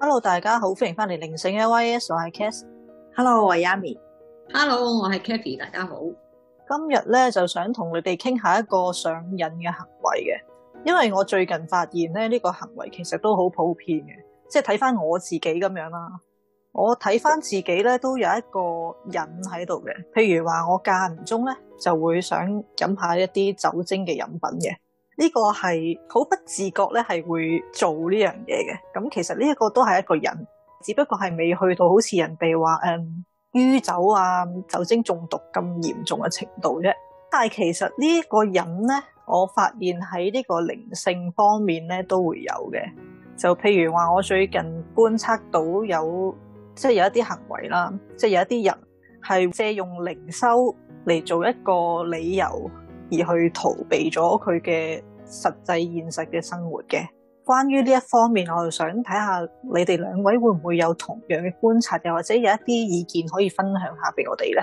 Hello，大家好，歡迎翻嚟靈性嘅 y S，我係 k a s s Hello，我係 Yami。Hello，我係 Kathy，大家好。今日咧就想同你哋傾下一個上癮嘅行為嘅，因為我最近發現咧呢、這個行為其實都好普遍嘅，即係睇翻我自己咁樣啦，啊，我睇翻自己咧都有一個癮喺度嘅，譬如話我間唔中咧就會想飲下一啲酒精嘅飲品嘅。呢個係好不自覺咧，係會做呢樣嘢嘅。咁其實呢一個都係一個人，只不過係未去到好似人哋話誒酗酒啊、酒精中毒咁嚴重嘅程度啫。但係其實呢個人咧，我發現喺呢個靈性方面咧都會有嘅。就譬如話，我最近觀察到有即係有一啲行為啦，即係有一啲人係借用靈修嚟做一個理由。而去逃避咗佢嘅實際現實嘅生活嘅。關於呢一方面，我就想睇下你哋兩位會唔會有同樣嘅觀察，又或者有一啲意見可以分享下俾我哋咧？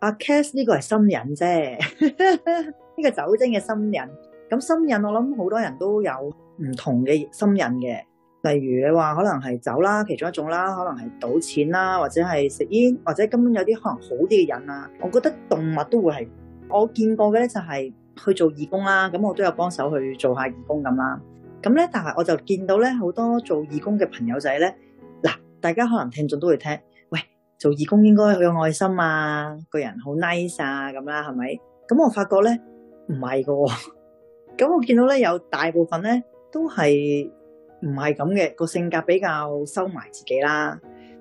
阿 Cass 呢個係心癮啫，呢 個酒精嘅心癮。咁心癮我諗好多人都有唔同嘅心癮嘅，例如你話可能係酒啦，其中一種啦，可能係賭錢啦，或者係食煙，或者根本有啲可能好啲嘅人啊，我覺得動物都會係。我見過嘅咧就係去做義工啦，咁我都有幫手去做下義工咁啦。咁咧，但係我就見到咧好多做義工嘅朋友仔咧，嗱，大家可能聽眾都會聽，喂，做義工應該好有愛心啊，個人好 nice 啊，咁啦，係咪？咁我發覺咧唔係嘅，咁、哦、 我見到咧有大部分咧都係唔係咁嘅，個性格比較收埋自己啦，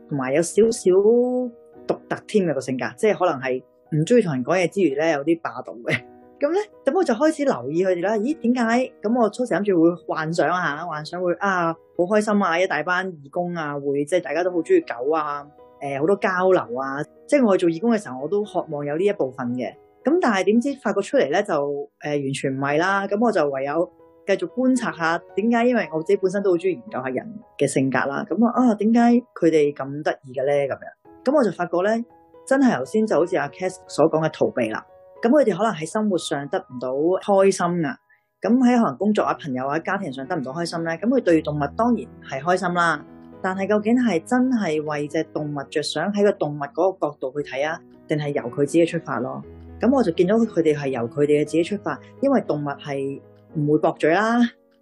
同埋有少少獨特添嘅個性格，即係可能係。唔中意同人講嘢之餘咧，有啲霸道嘅，咁 咧，咁我就開始留意佢哋啦。咦，點解？咁我初時諗住會幻想下，幻想會啊，好開心啊，一大班義工啊，會即係大家都好中意狗啊，誒、呃，好多交流啊。即係我去做義工嘅時候，我都渴望有呢一部分嘅。咁但係點知發覺出嚟咧，就誒、呃、完全唔係啦。咁我就唯有繼續觀察下點解，因為我自己本身都好中意研究下人嘅性格啦。咁啊，啊，點解佢哋咁得意嘅咧？咁樣，咁我就發覺咧。真係頭先就好似阿 Kes 所講嘅逃避啦。咁佢哋可能喺生活上得唔到開心啊，咁喺可能工作啊、朋友啊、家庭上得唔到開心咧。咁佢對動物當然係開心啦，但係究竟係真係為隻動物着想，喺個動物嗰個角度去睇啊，定係由佢自己出發咯？咁我就見到佢哋係由佢哋嘅自己出發，因為動物係唔會駁嘴啦，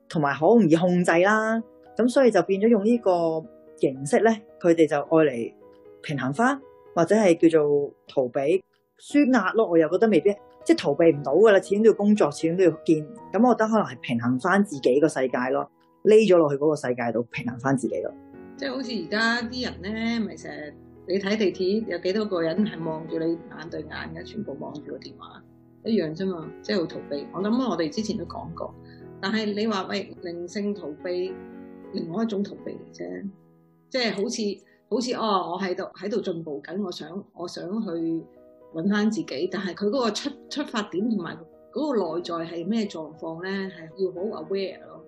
同埋好容易控制啦，咁所以就變咗用呢個形式咧，佢哋就愛嚟平衡翻。或者係叫做逃避、舒壓咯，我又覺得未必，即係逃避唔到噶啦，始終都要工作，始終都要見。咁我覺得可能係平衡翻自己個世界咯，匿咗落去嗰個世界度平衡翻自己咯。即係好似而家啲人咧，咪成日你睇地鐵有幾多個人係望住你眼對眼嘅，全部望住個電話一樣啫嘛，即係好逃避。我諗我哋之前都講過，但係你話喂，靈性逃避，另外一種逃避嚟啫，即係好似。好似哦，我喺度喺度進步緊，我想我想去揾返自己，但係佢嗰個出出發點同埋嗰個內在係咩狀況咧，係要好 aware 咯。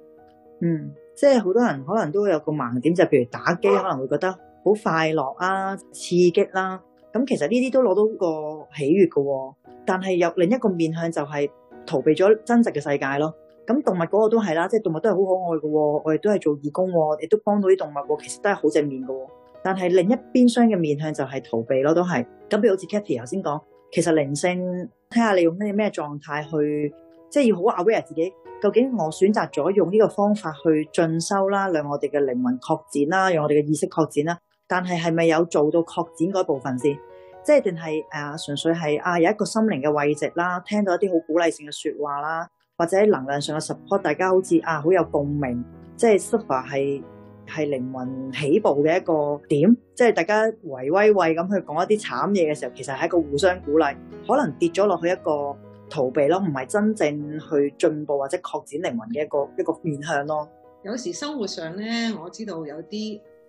嗯，即係好多人可能都有個盲點，就譬如打機可能會覺得好快樂啊、刺激啦、啊。咁、嗯、其實呢啲都攞到個喜悅嘅喎，但係有另一個面向就係逃避咗真實嘅世界咯。咁、嗯、動物嗰個都係啦，即係動物都係好可愛嘅喎、哦，我哋都係做義工、哦，亦都幫到啲動物喎、哦，其實都係好正面嘅喎、哦。但係另一邊廂嘅面向就係逃避咯，都係咁。譬如好似 Kathy 頭先講，其實靈性睇下你用咩咩狀態去，即係要好 Aware 自己究竟我選擇咗用呢個方法去進修啦，令我哋嘅靈魂擴展啦，讓我哋嘅意識擴展啦。但係係咪有做到擴展嗰部分先？即係定係啊，純粹係啊有一個心靈嘅慰藉啦，聽到一啲好鼓勵性嘅説話啦，或者能量上嘅 support，大家好似啊好有共鳴，即係 Safa 係。 係靈魂起步嘅一個點，即係大家維威畏咁去講一啲慘嘢嘅時候，其實係一個互相鼓勵，可能跌咗落去一個逃避咯，唔係真正去進步或者擴展靈魂嘅一個一個面向咯。有時生活上咧，我知道有啲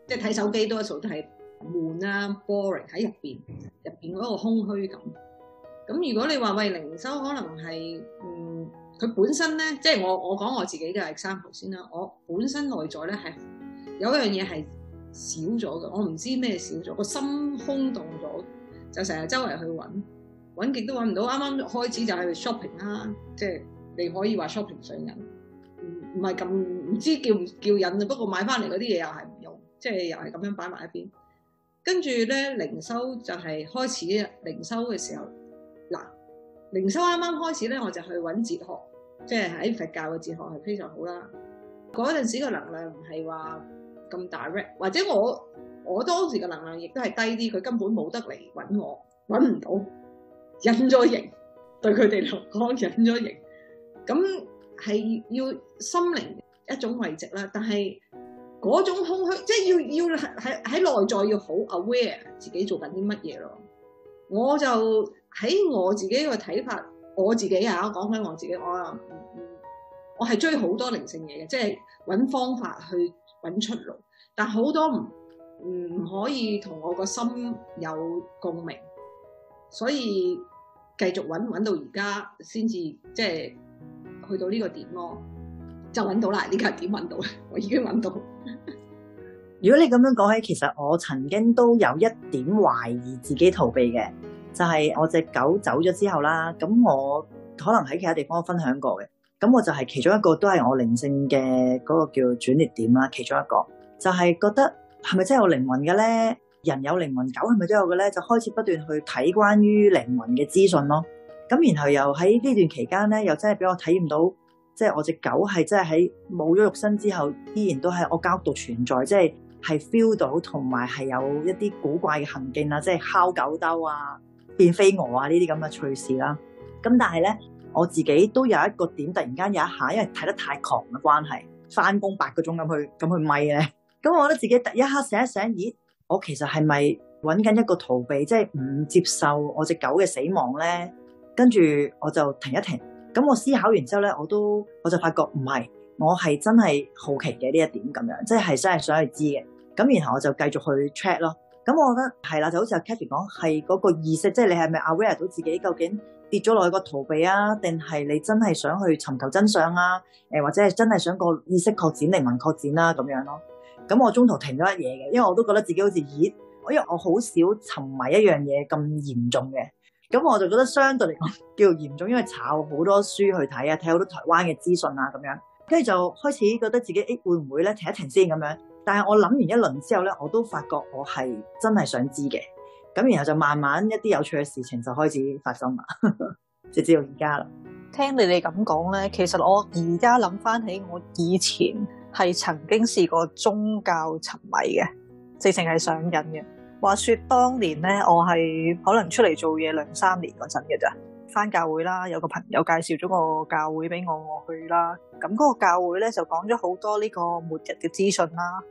即係睇手機多數都係悶啦、啊，boring 喺入邊入邊嗰個空虛感。咁如果你話為靈修，可能係嗯佢本身咧，即係我我講我自己嘅 example 先啦，我本身內在咧係。有一樣嘢係少咗嘅，我唔知咩少咗，個心空洞咗，就成日周圍去揾，揾極都揾唔到。啱啱開始就係 shopping 啦，即係你可以話 shopping 上癮，唔唔係咁唔知叫唔叫癮。不過買翻嚟嗰啲嘢又係唔用，即係又係咁樣擺埋一邊。跟住咧，靈修就係開始，靈修嘅時候嗱，靈修啱啱開始咧，我就去揾哲學，即係喺佛教嘅哲學係非常好啦。嗰陣時個能量唔係話咁 direct，或者我我當時嘅能量亦都係低啲，佢根本冇得嚟揾我，揾唔到，隱咗形，對佢哋嚟講隱咗形。咁係要心靈一種慰藉啦。但係嗰種空虛，即係要要喺喺內在要好 aware 自己做緊啲乜嘢咯。我就喺我自己個睇法，我自己呀講翻我自己，我又唔，我係追好多靈性嘢嘅，即係揾方法去。揾出路，但好多唔唔可以同我個心有共鳴，所以繼續揾，揾到而家先至即係去到呢個點咯，就揾到啦！呢個係點揾到咧？我已經揾到。如果你咁樣講起，其實我曾經都有一點懷疑自己逃避嘅，就係我隻狗走咗之後啦。咁我可能喺其他地方分享過嘅。咁我就係其中一個，都係我靈性嘅嗰個叫轉捩點啦。其中一個就係、是、覺得係咪真係有靈魂嘅咧？人有靈魂，狗係咪真有嘅咧？就開始不斷去睇關於靈魂嘅資訊咯。咁然後又喺呢段期間咧，又真係俾我體驗到，即、就、係、是、我隻狗係真係喺冇咗肉身之後，依然都喺我間屋度存在，即係係 feel 到，同埋係有一啲古怪嘅行徑啊，即係敲狗兜啊，變飛蛾啊呢啲咁嘅趣事啦、啊。咁但係咧。我自己都有一個點，突然間有一下，因為睇得太狂嘅關係，返工八個鐘咁去咁去咪咧。咁 我覺得自己第一刻醒一醒，咦，我其實係咪揾緊一個逃避，即係唔接受我隻狗嘅死亡咧？跟住我就停一停。咁我思考完之後咧，我都我就發覺唔係，我係真係好奇嘅呢一點咁樣，即係真係想去知嘅。咁然後我就繼續去 check 咯。咁我覺得係啦，就好似阿 Kathy 講，係嗰個意識，即係你係咪 aware 到自己究竟？跌咗落去個逃避啊，定係你真係想去尋求真相啊？誒、呃，或者係真係想個意識擴展、靈魂擴展啦、啊，咁樣咯。咁我中途停咗一嘢嘅，因為我都覺得自己好似熱，因為我好少沉迷一樣嘢咁嚴重嘅。咁我就覺得相對嚟講叫做嚴重，因為查好多書去睇啊，睇好多台灣嘅資訊啊，咁樣，跟住就開始覺得自己誒會唔會咧停一停先咁樣？但係我諗完一輪之後咧，我都發覺我係真係想知嘅。咁，然後就慢慢一啲有趣嘅事情就開始發生啦，直 至到而家啦。聽你哋咁講咧，其實我而家諗翻起我以前係曾經試過宗教沉迷嘅，直情係上癮嘅。話說當年咧，我係可能出嚟做嘢兩三年嗰陣嘅咋，翻教會啦，有個朋友介紹咗個教會俾我，我去啦。咁嗰個教會咧就講咗好多呢個末日嘅資訊啦，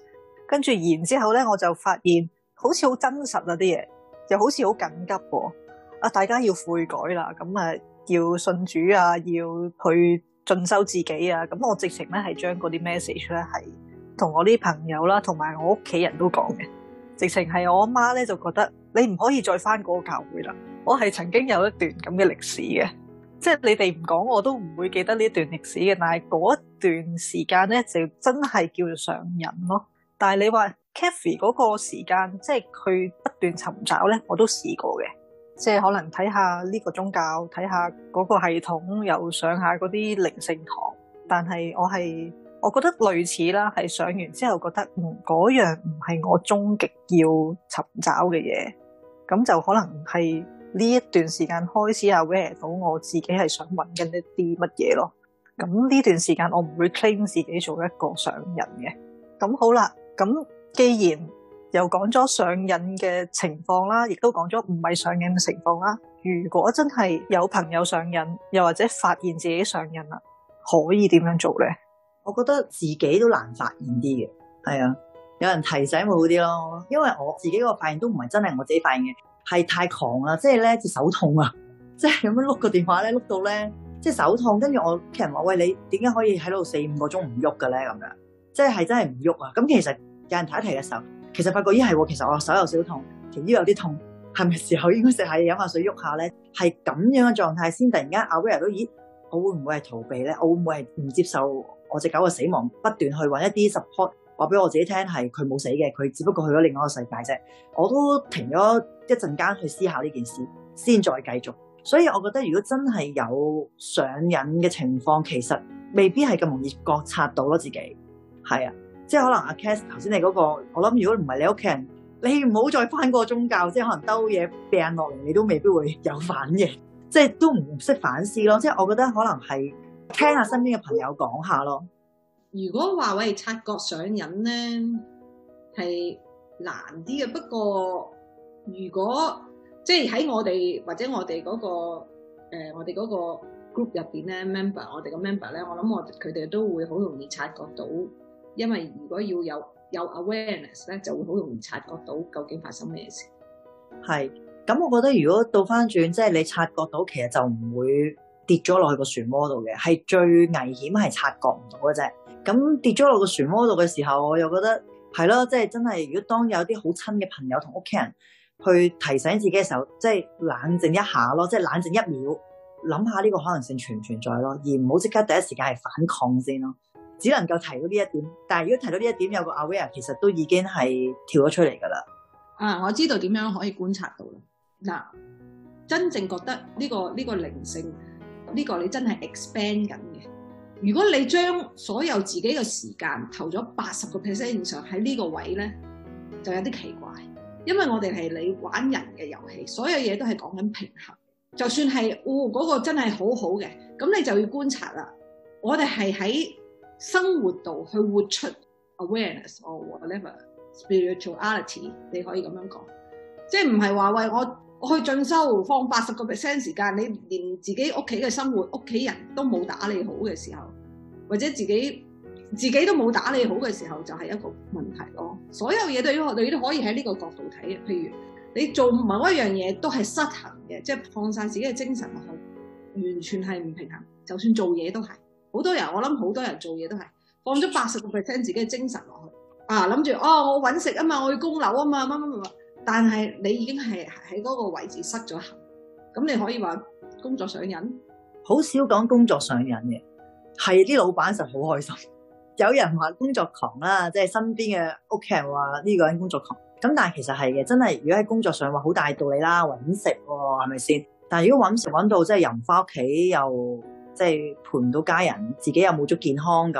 跟住然之後咧我就發現好似好真實嗰啲嘢。又好似好緊急喎、哦，啊大家要悔改啦，咁啊要信主啊，要去進修自己啊，咁、嗯、我直情咧係將嗰啲 message 咧係同我啲朋友啦、啊，同埋我屋企人都講嘅，直情係我阿媽咧就覺得你唔可以再返嗰個教會啦，我係曾經有一段咁嘅歷史嘅，即係你哋唔講我都唔會記得呢一段歷史嘅，但係嗰一段時間咧就真係叫做上癮咯，但係你話。Kathy 嗰個時間，即係佢不斷尋找咧，我都試過嘅。即係可能睇下呢個宗教，睇下嗰個系統，又上下嗰啲靈性堂。但係我係我覺得類似啦，係上完之後覺得嗯嗰樣唔係我終極要尋找嘅嘢。咁就可能係呢一段時間開始啊，Aware 到我自己係想揾緊一啲乜嘢咯。咁呢段時間我唔會 claim 自己做一個上人嘅。咁好啦，咁。既然又講咗上癮嘅情況啦，亦都講咗唔係上癮嘅情況啦。如果真係有朋友上癮，又或者發現自己上癮啦，可以點樣做咧？我覺得自己都難發現啲嘅，係啊，有人提醒會好啲咯。因為我自己個發現都唔係真係我自己發現嘅，係太狂啦，即係咧隻手痛啊，即係咁樣碌個電話咧碌到咧，即係手痛，跟住我其實話：喂，你點解可以喺度四五個鐘唔喐嘅咧？咁樣即係係真係唔喐啊。咁其實。有人提一提嘅時候，其實發覺咦係，其實我手有少痛，條腰有啲痛，係咪時候應該食下飲下水喐下咧？係咁樣嘅狀態，先突然間阿 Will 都咦，我會唔會係逃避咧？我會唔會係唔接受我隻狗嘅死亡，不斷去搵一啲 support 話俾我自己聽，係佢冇死嘅，佢只不過去咗另外一個世界啫。我都停咗一陣間去思考呢件事，先再繼續。所以我覺得如果真係有上癮嘅情況，其實未必係咁容易覺察到咯，自己係啊。即係可能阿 Cass 頭先你嗰個，我諗如果唔係你屋企人，你唔好再翻嗰個宗教，即係可能兜嘢病落嚟，你都未必會有反應，即係都唔識反思咯。即係我覺得可能係聽下身邊嘅朋友講下咯。如果話喂，察覺上癮咧係難啲嘅，不過如果即係喺我哋或者我哋嗰、嗰個、呃、我哋嗰個 group 入邊咧 member，我哋嘅 member 咧，我諗我佢哋都會好容易察覺到。因為如果要有有 awareness 咧，就會好容易察覺到究竟發生咩事。係，咁我覺得如果倒翻轉，即係你察覺到，其實就唔會跌咗落去個漩渦度嘅，係最危險係察覺唔到嘅啫。咁跌咗落個漩渦度嘅時候，我又覺得係咯，即係真係，如果當有啲好親嘅朋友同屋企人去提醒自己嘅時候，即係冷靜一下咯，即係冷靜一秒，諗下呢個可能性存唔存在咯，而唔好即刻第一時間係反抗先咯。只能夠提到呢一點，但係如果提到呢一點，有個 area 其實都已經係跳咗出嚟㗎啦。啊，我知道點樣可以觀察到啦。嗱，真正覺得呢個呢個靈性，呢個你真係 expand 緊嘅。如果你將所有自己嘅時間投咗八十個 percent 以上喺呢個位咧，就有啲奇怪，因為我哋係你玩人嘅遊戲，所有嘢都係講緊平衡。就算係哦嗰個真係好好嘅，咁你就要觀察啦。我哋係喺生活度去活出 awareness or whatever spirituality，你可以咁樣講，即係唔係話喂，我我去進修放八十個 percent 時間，你連自己屋企嘅生活屋企人都冇打理好嘅時候，或者自己自己都冇打理好嘅時候，就係一個問題咯。所有嘢對於我哋都可以喺呢個角度睇嘅。譬如你做某一樣嘢都係失衡嘅，即係放晒自己嘅精神落去，完全係唔平衡，就算做嘢都係。好多人，我諗好多人做嘢都係放咗八十個 percent 自己嘅精神落去，啊諗住哦，我搵食啊嘛，我要供樓啊嘛，乜乜乜，但係你已經係喺嗰個位置失咗衡。咁、嗯、你可以話工作上癮，好少講工作上癮嘅，係啲老闆就好開心。有人話工作狂啦，即係身邊嘅屋企人話呢個人工作狂，咁但係其實係嘅，真係如果喺工作上話好大道理啦，搵食喎，係咪先？但係如果搵食搵到即係又唔返屋企又。即係陪唔到家人，自己又冇咗健康，咁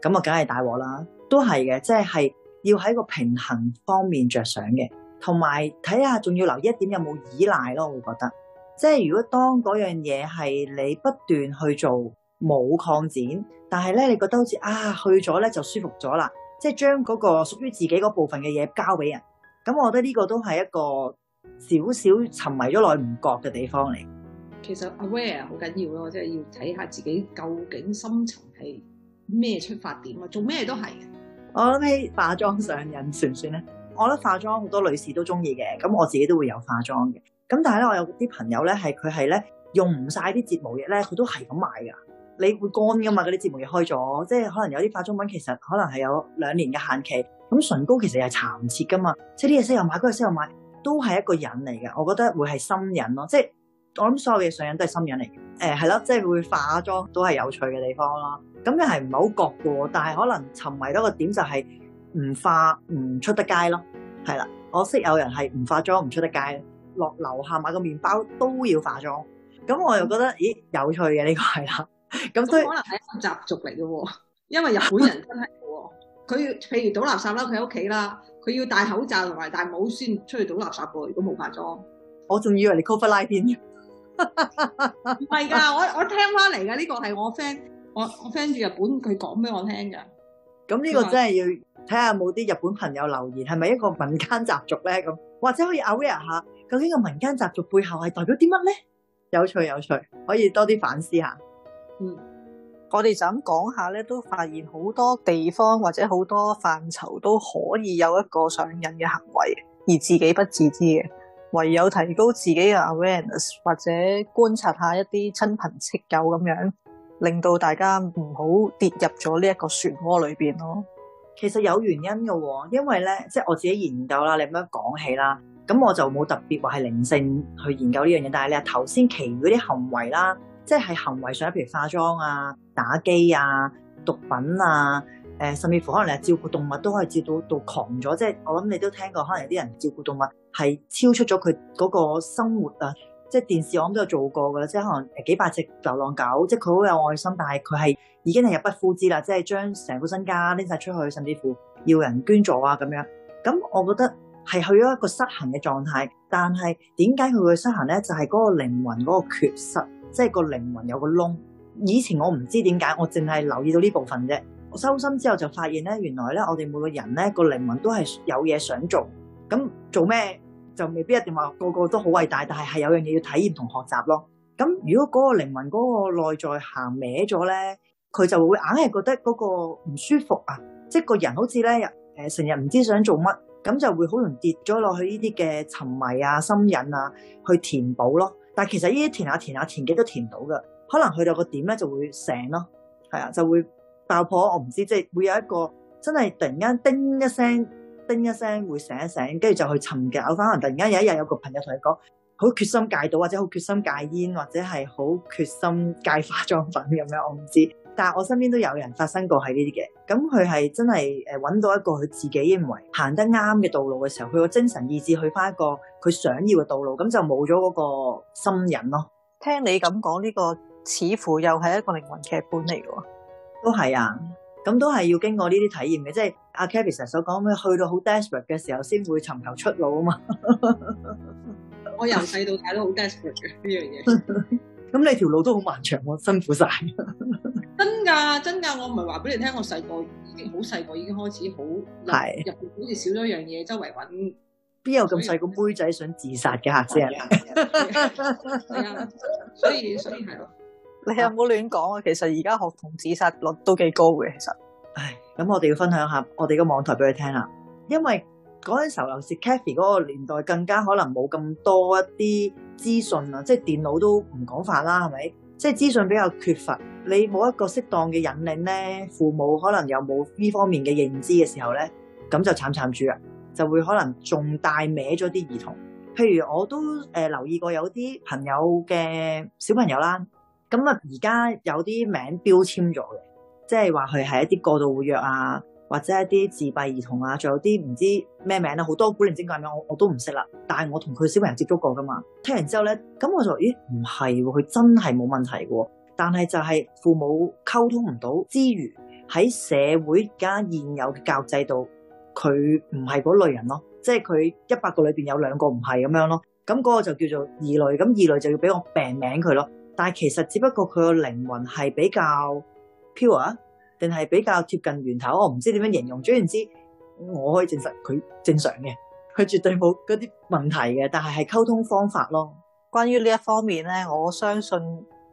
咁啊，梗係大鑊啦！都係嘅，即係要喺個平衡方面着想嘅，同埋睇下仲要留一點有冇依賴咯。我會覺得，即係如果當嗰樣嘢係你不斷去做冇擴展，但係咧你覺得好似啊去咗咧就舒服咗啦，即係將嗰個屬於自己嗰部分嘅嘢交俾人，咁我覺得呢個都係一個少少沉迷咗耐唔覺嘅地方嚟。其實 aware 好緊要咯，即係要睇下自己究竟深層係咩出發點咯，做咩都係。我諗起化妝上癮算唔算咧？我覺得化妝好多女士都中意嘅，咁我自己都會有化妝嘅。咁但係咧，我有啲朋友咧，係佢係咧用唔晒啲睫毛液咧，佢都係咁買噶。你會乾噶嘛？嗰啲睫毛液開咗，即係可能有啲化妝品其實可能係有兩年嘅限期。咁唇膏其實係殘唔切噶嘛，即係啲嘢先又買，嗰日先又買，都係一個癮嚟嘅。我覺得會係心癮咯，即係。我諗所有嘅上癮都係心癮嚟嘅。誒係咯，即係會化妝都係有趣嘅地方咯。咁又係唔係好覺嘅，但係可能沉迷多個點就係唔化唔出得街咯。係啦，我識有人係唔化妝唔出得街，落樓下買個麵包都要化妝。咁我又覺得咦有趣嘅呢個係啦。咁 所以可能係一個習俗嚟嘅，因為日本人真係嘅，佢 譬如，倒垃圾啦，佢喺屋企啦，佢要戴口罩同埋戴帽先出去倒垃圾嘅。如果冇化妝，我仲以為你 cover 臉嘅。 唔係噶，我聽、這個、我聽翻嚟噶，呢個係我 friend，我我 friend 住日本，佢講俾我聽噶。咁呢個真係要睇下冇啲日本朋友留言，係咪一個民間習俗咧？咁或者可以 Aware 下，究竟個民間習俗背後係代表啲乜咧？有趣有趣，可以多啲反思下。嗯，我哋就咁講下咧，都發現好多地方或者好多範疇都可以有一個上癮嘅行為，而自己不自知嘅。唯有提高自己嘅 Awareness，或者觀察一下一啲親朋戚友咁樣，令到大家唔好跌入咗呢一個漩渦裏邊咯。其實有原因嘅，因為咧，即係我自己研究啦，你咁樣講起啦，咁我就冇特別話係靈性去研究呢樣嘢。但係你話頭先其餘嗰啲行為啦，即係行為上，譬如化妝啊、打機啊、毒品啊，誒，甚至乎可能你係照顧動物都可以照顧到到狂咗。即係我諗你都聽過，可能有啲人照顧動物。係超出咗佢嗰個生活啊！即係電視我都有做過噶啦，即係可能幾百隻流浪狗，即係佢好有愛心，但係佢係已經係入不敷支啦，即係將成副身家拎晒出去，甚至乎要人捐助啊咁樣。咁我覺得係去咗一個失衡嘅狀態。但係點解佢會失衡呢？就係嗰個靈魂嗰個缺失，即係個靈魂有個窿。以前我唔知點解，我淨係留意到呢部分啫。我修心之後就發現呢，原來呢，我哋每個人呢個靈魂都係有嘢想做。咁做咩？就未必一定話個個都好偉大，但係係有樣嘢要體驗同學習咯。咁如果嗰個靈魂嗰個內在行歪咗咧，佢就會硬係覺得嗰個唔舒服啊，即係個人好似咧誒成日唔知想做乜，咁就會好容易跌咗落去呢啲嘅沉迷啊、心癮啊去填補咯。但係其實呢啲填下、啊、填下、啊填、啊、填幾都填唔到嘅，可能去到個點咧就會醒咯，係啊就會爆破，我唔知即係會有一個真係突然間叮一聲。叮一聲會醒一醒，跟住就去尋找翻。可能突然間有一日有個朋友同佢講，好決心戒到，或者好決心戒煙，或者係好決心戒化妝品咁樣，我唔知。但係我身邊都有人發生過喺呢啲嘅，咁佢係真係誒揾到一個佢自己認為行得啱嘅道路嘅時候，佢個精神意志去翻一個佢想要嘅道路，咁就冇咗嗰個心癮咯。聽你咁講，呢個似乎又係一個靈魂劇本嚟嘅，都係啊，咁都係要經過呢啲體驗嘅，即係。阿 Kathy 所講咩？去到好 desperate 嘅時候，先會尋求出路啊嘛！ 我由細到大都好 desperate 嘅呢樣嘢。咁 你條路都好漫長喎，我辛苦晒 。真㗎，真㗎！我唔係話俾你聽，我細個已經好細個已經開始好是入係，好似少咗一樣嘢，周圍揾，邊有咁細個妹仔想自殺嘅吓？是啊，係啊，所以所以係咯。你有冇亂講啊？其實而家學童自殺率都幾高嘅，其實。唉。咁我哋要分享下我哋個網台俾佢聽啦，因為嗰陣時候流是 Kathy 嗰個年代，更加可能冇咁多一啲資訊啦，即係電腦都唔廣泛啦，係咪？即係資訊比較缺乏，你冇一個適當嘅引領呢，父母可能有冇呢方面嘅認知嘅時候呢，咁就慘慘住啦，就會可能仲帶歪咗啲兒童。譬如我都誒、呃、留意過有啲朋友嘅小朋友啦，咁啊而家有啲名標籤咗嘅。即係話佢係一啲過度活躍啊，或者一啲自閉兒童啊，仲有啲唔知咩名啊，好多古靈精怪名我我都唔識啦。但係我同佢小朋友接觸過噶嘛，聽完之後咧，咁我就咦，唔係喎，佢真係冇問題嘅，但係就係父母溝通唔到之餘，喺社會而家現有嘅教育制度，佢唔係嗰類人咯，即係佢一百個裏邊有兩個唔係咁樣咯。咁、那、嗰個就叫做異類，咁異類就要俾我病名佢咯。但係其實只不過佢個靈魂係比較。啊，定係比較接近源頭，我唔知點樣形容。總言之，我可以證實佢正常嘅，佢絕對冇嗰啲問題嘅。但係係溝通方法咯。關於呢一方面咧，我相信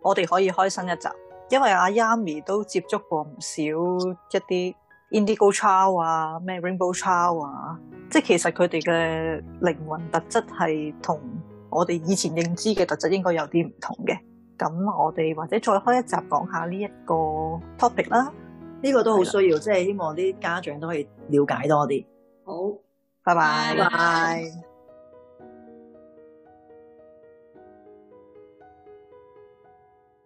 我哋可以開新一集，因為阿 Yami 都接觸過唔少一啲 Indigo Child 啊，咩 Rainbow Child 啊，即係其實佢哋嘅靈魂特質係同我哋以前認知嘅特質應該有啲唔同嘅。咁我哋或者再開一集講下呢一個 topic 啦，呢 個都好需要，即係的希望啲家長都可以了解多啲。好，拜拜。